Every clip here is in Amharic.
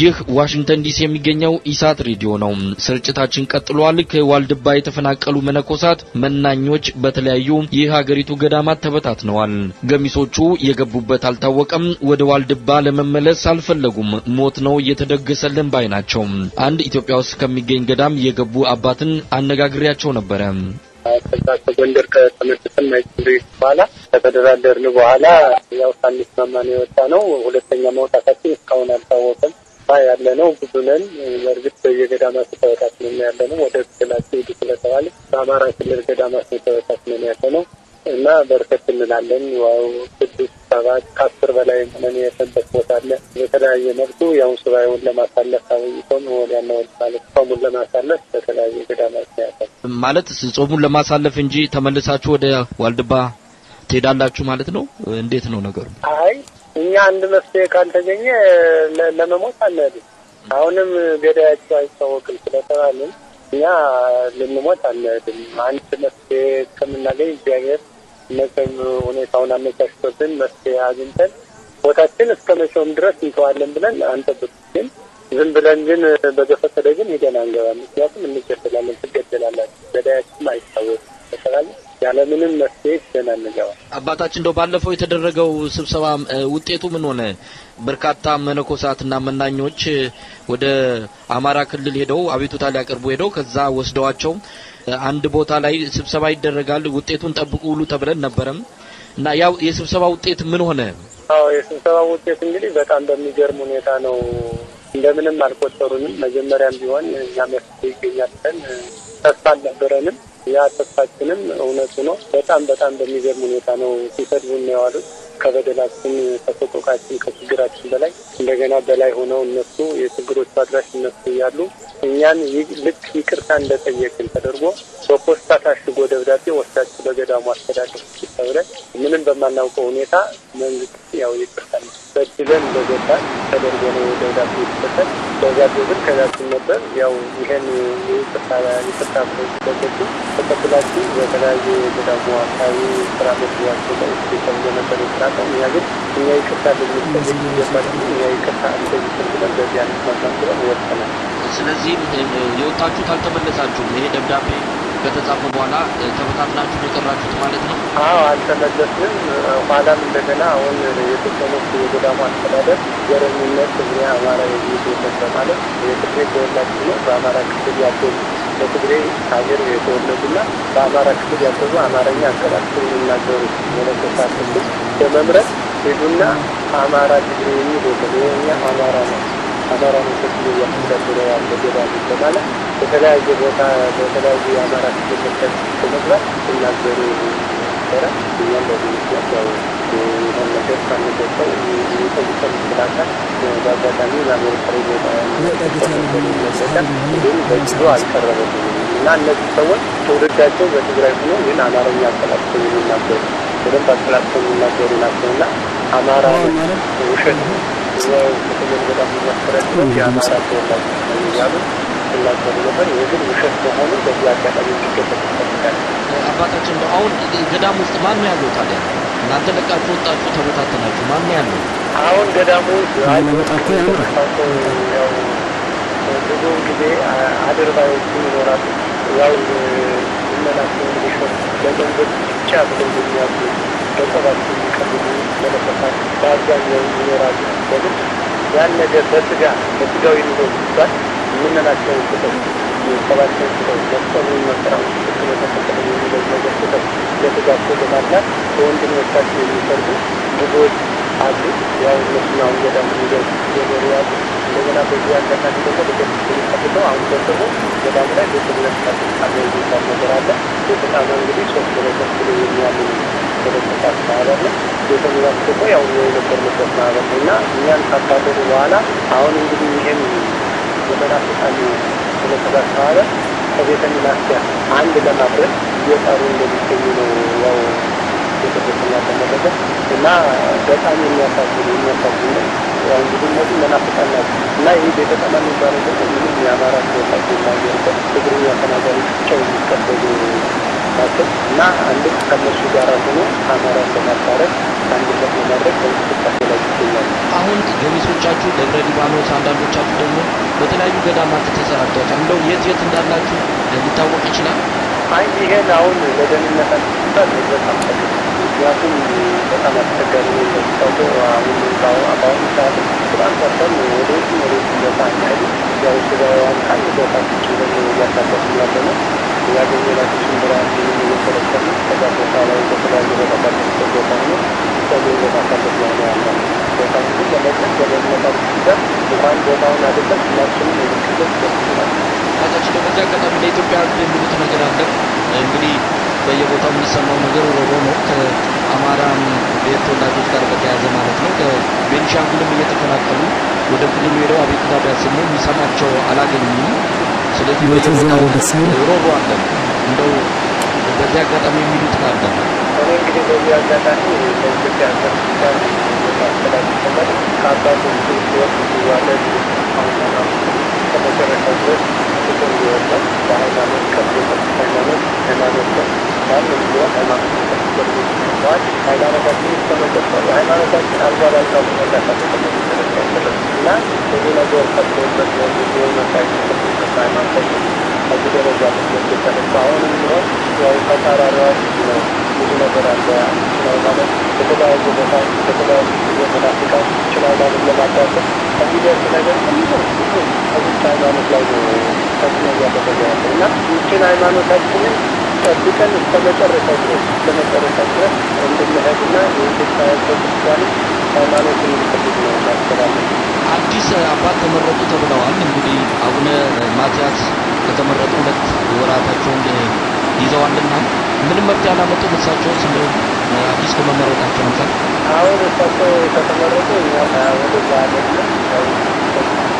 ይህ ዋሽንግተን ዲሲ የሚገኘው ኢሳት ሬዲዮ ነው። ስርጭታችን ቀጥሏል። ከዋልድባ የተፈናቀሉ መነኮሳት መናኞች በተለያዩ የሀገሪቱ ገዳማት ተበታትነዋል። ገሚሶቹ የገቡበት አልታወቀም። ወደ ዋልድባ ለመመለስ አልፈለጉም። ሞት ነው እየተደገሰልን ባይ ናቸው። አንድ ኢትዮጵያ ውስጥ ከሚገኝ ገዳም የገቡ አባትን አነጋግሬያቸው ነበረ። ከዛ ከጎንደር ከተመልሰን በኋላ ከተደራደርን በኋላ ያው ሳንስማማ ነው የወጣ ነው። ሁለተኛ መውጣታችን እስካሁን አልታወቀም። ያለ ነው ብዙ ነን። በእርግጥ በየገዳማት ሰበካችን ነው ያለ ነው። ወደ ክልላቸው ሄዱ ስለተባለ በአማራ ክልል ገዳማት ሰበካችን ነው ያለ ነው እና በርከት እንላለን። ዋው ስድስት ሰባት ከአስር በላይ ምን የሰንበት ቦታ አለ። በተለያየ መልኩ ያሁን ሱባኤውን ለማሳለፍ አብይቶም ወዲያና ወዲህ ማለት ጾሙን ለማሳለፍ በተለያየ ገዳማት ያለ ማለት ጾሙን ለማሳለፍ እንጂ ተመልሳችሁ ወደ ዋልድባ ትሄዳላችሁ ማለት ነው። እንዴት ነው ነገሩ? አይ እኛ አንድ መፍትሄ ካልተገኘ ለመሞት አንሄድም። አሁንም ገዳያቸው አይታወቅም ስለተባልን እኛ ልንሞት አንሄድም። አንድ መፍትሄ እስከምናገኝ እግዚአብሔር መቼም ሁኔታውን አመቻችቶብን መፍትሄ አግኝተን ቦታችን እስከ መቼውም ድረስ እንተዋለን ብለን አንጠብቅ። ግን ዝም ብለን ግን በገፈተደ ግን ሄደን አንገባም። ምክንያቱም እንገደላለን፣ ትገደላላችሁ፣ ገዳያችንም አይታወቅም ስለተባልን ያለምንም መፍትሄ ይዘናል አባታችን እንደው ባለፈው የተደረገው ስብሰባ ውጤቱ ምን ሆነ? በርካታ መነኮሳትና መናኞች ወደ አማራ ክልል ሄደው አቤቱታ ሊያቀርቡ ሄደው ከዛ ወስደዋቸው አንድ ቦታ ላይ ስብሰባ ይደረጋል፣ ውጤቱን ጠብቁ ሁሉ ተብለን ነበረም እና ያው የስብሰባ ውጤት ምን ሆነ? አዎ የስብሰባ ውጤት እንግዲህ በጣም በሚገርም ሁኔታ ነው። እንደምንም አልቆጠሩንም። መጀመሪያም ቢሆን እኛ መፍትሄ ይገኛል ብለን ተስፋ አልነበረንም። ያለፋችንም እውነቱ ነው። በጣም በጣም በሚገርም ሁኔታ ነው ሲሰድቡን የዋሉት። ከበደላችን ከሰቆቃችን ከችግራችን በላይ እንደገና በላይ ሆነው እነሱ የችግሮቹ አድራሽ እነሱ እያሉ እኛን ልክ ይቅርታ እንደጠየቅን ተደርጎ በፖስታ ታሽጎ ደብዳቤ ወስዳችሁ በገዳሙ አስተዳደር ተብለን ምንም በማናውቀው ሁኔታ መንግስት ያው ይቅርታል በድለን በገባን ተደርጎ ነው ደብዳቤ የተሰጠን። ደብዳቤ ግን ከዛችን ነበር ያው ይህን ይቅርታ ስለገዱ ተቀብላችሁ በተለያዩ የገዳሙ አካባቢ ስራ መስዋቸው ተብሎ ነበር የተላቀው እኛ ግን እኛ ይቅርታ ልንጠይቅ የወጣችሁት አልተመለሳችሁም። ይሄ ደብዳቤ ከተጻፈ በኋላ ተበታትናችሁ የቀራችሁት ማለት ነው? አዎ አልተመለስንም። ኋላም እንደገና አሁን የተሾሙት የጎዳሙ አስተዳደር ዘረኝነት እኛ አማራ የሚሄድ የለም በማለት የትግሬ ተወላጅ ነው በአማራ ክፍል ያገኙ በትግሬ ሀገር የተወለዱና በአማራ ክፍል ያገዙ አማርኛ አቀላጥሎ የሚናገሩ የነገሳ በመምረጥ ሄዱና አማራ ትግሬ የሚል የለም። የኛ አማራ ነው አማራ ነው ተብሎ ያለ ገባ ተባለ። በተለያየ ቦታ በተለያዩ የአማራ ክፍል በመግባት ሲናገሩ ነበረ። እኛም በዚህ በጭሎ አልቀረበትም እና እነዚህ ሰዎች ትውልዳቸው በትግራይ ሆኖ ግን አማርኛ አቀላጥተው የሚናገሩ በደንብ አቀላጥፈው የሚናገሩ ናቸው እና አማራ ውሸት የአማራ ተወላጅ ነበር። ይህ ግን ውሸት በዚህ አጋጣሚ ይፈልጋል። አባታችን አሁን ገዳም ውስጥ ማን ነው ያለው ታዲያ? እናንተ ለቃችሁ ወጣችሁ ተበታተናችሁ፣ ማን ነው ያለው አሁን ገዳሙ ውስጥ? ብዙ ጊዜ አድርባዮቹ ይኖራሉ ያው የምንላቸው እንግዶች ለገንዘብ ብቻ ብለው የሚያሉ ገንዘባቸው የሚቀብሉ መነፈሳት በአብዛኛው ይኖራሉ። ለምን ያን ነገር በስጋ በስጋዊ ኑሮ ሲባል የምንመላቸው ክተት ሰባቸው ክተት መስቀሉን መስራውን ትክክል የተፈቀደ የሚለው ነገር ክተት ለስጋቸው በማላት በወንድሞቻቸው የሚፈርዱ ብዙዎች አሉ። ያው እነሱን አሁን ገዳም እየኖሩ ያሉ እንደገና በዚህ አጋጣሚ ደግሞ ቤተክርስቲያን ጠፍተው አሁን ደግሞ ገዳም ላይ ቤትነት ጣል የሚባል ነገር አለ። የተጣመ እንግዲህ ሶስት በረከት ብሎ የሚያሉ በረከታት ማህበር ነው። ቤተ ሚዛን ደግሞ ያው የነበርንበት ማህበር ነው እና እኛን ካካተሉ በኋላ አሁን እንግዲህ ይህም የተናፍቃሉ በረከታት ማህበር ከቤተ ጋር አንድ ለማድረግ እየጠሩ እንደሚገኙ ነው ያው እየተደረገና ተመለከ እና በጣም የሚያሳዝን የሚያሳዝን ያው እንግዲህ እነዚህ መናፍቃን ናቸው እና ይህ ቤተጠማ የሚባለው ደግሞ ምንም የአማራ ተወላጅ የማይኖርበት ትግርኛ ተናጋሪዎች ብቻ የሚቀበሉ ናቸው እና አንድም ከነሱ ጋር ሆኖ አማራን ለማባረር አንድነት ለማድረግ በእንቅስቃሴ ላይ ይገኛሉ። አሁን ገሚሶቻችሁ ደብረ ሊባኖስ፣ አንዳንዶቻችሁ ደግሞ በተለያዩ ገዳማት ተሰራድታችሁ እንደው የት የት እንዳላችሁ ሊታወቅ ይችላል? አይ ይሄን አሁን ለደህንነታችሁ ሲባል በጣም ጠቅም ምክንያቱም በጣም አስቸጋሪ ነው። እንደሚታወቀው አሁን በአሁኑ ሰዓት ትራንስፖርተን ወደ ውጭም ወደ ውጭ ቦታ አካሄዱ ያው ስጋዋን ከአንድ ቦታ ቁጭ ብለን እያሳደስን ያለ ነው። ያገኘ ላቶችን ብርሃን ምንም እየሰለሰሉ ከዛ ቦታ ላይ በተለያየ በተባለበት ቦታ ነው ሰሉን በማሳደስ ላይ ነው ያለ ቦታ ግን ለመጠት በመመጣት ሲዳር እንኳን ቦታውን አደለም ሁላችንም የሚክበት ይደርስላል። አዛች ደግሞ በዚህ አጋጣሚ ለኢትዮጵያ ሕዝብ የሚሉት ነገር አለ እንግዲህ በየቦታው የሚሰማው ነገር ሮሮ ነው። ከአማራ ብሔር ተወላጆች ጋር በተያያዘ ማለት ነው። ከቤኒሻንጉልም እየተፈናቀሉ ወደ ክልሉ ሄደው አቤቱታ ቢያሰሙ የሚሰማቸው አላገኙም። ስለዚህ በየቦታው ሮሮ አለ። እንደው በዚህ አጋጣሚ የሚሉት ካለ እኔ እንግዲህ በዚህ አጋጣሚ በኢትዮጵያ ሀገር ካባቶች ወቅት ዋለ ተጠቅሟል። ሃይማኖታችን ይስተመገባል። ሃይማኖታችን አልጋ ባልጋ እና ብዙ ነገር ሃይማኖታችን ብዙ ነገር አለ። ሃይማኖት ቦታ በተለያዩ መናፍቃን ሃይማኖት ለማዳሰስ ከሚደርስ ነገር ሁሉ ብዙ ከዚች ሃይማኖት ላይ ተጽዕኖ እያደረገ ያለ እና ይችን ሃይማኖታችንን ጠብቀን እስከ መጨረሻ ድረስ እስከ መጨረሻ ድረስ እንድንሄድና የኢትዮጵያ ክርስቲያን ሃይማኖት ነው አዲስ አባት ተመረጡ ተብለዋል። እንግዲህ አቡነ ማትያስ ከተመረጡ ሁለት ወራታቸውን ይዘዋልና ምንም መፍትሄ አላመጡም። እሳቸው እንደው አዲስ ከመመረጣቸው አንጻር አሁን እሳቸው ከተመረጡ እኛ ወደዛ አይደለም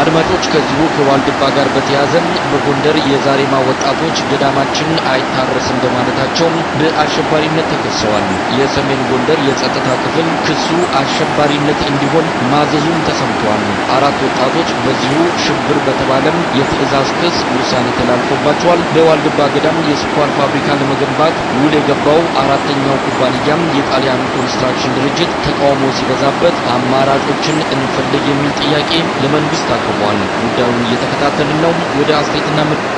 አድማጮች ከዚሁ ከዋልድባ ጋር በተያያዘም በጎንደር የዛሬማ ወጣቶች ገዳማችን አይታረስም በማለታቸው በአሸባሪነት ተከሰዋል። የሰሜን ጎንደር የጸጥታ ክፍል ክሱ አሸባሪነት እንዲሆን ማዘዙን ተሰምቷል። አራት ወጣቶች በዚሁ ሽብር በተባለም የትዕዛዝ ክስ ውሳኔ ተላልፎባቸዋል። በዋልድባ ገዳም የስኳር ፋብሪካ ለመገንባት ውል የገባው አራተኛው ኩባንያም የጣሊያን ኮንስትራክሽን ድርጅት ተቃውሞ ሲበዛበት አማራጮችን እንፈልግ የሚል ጥያቄ ለመንግስት ተዘግቧል። ጉዳዩን እየተከታተልን ነው። ወደ አስተያየትና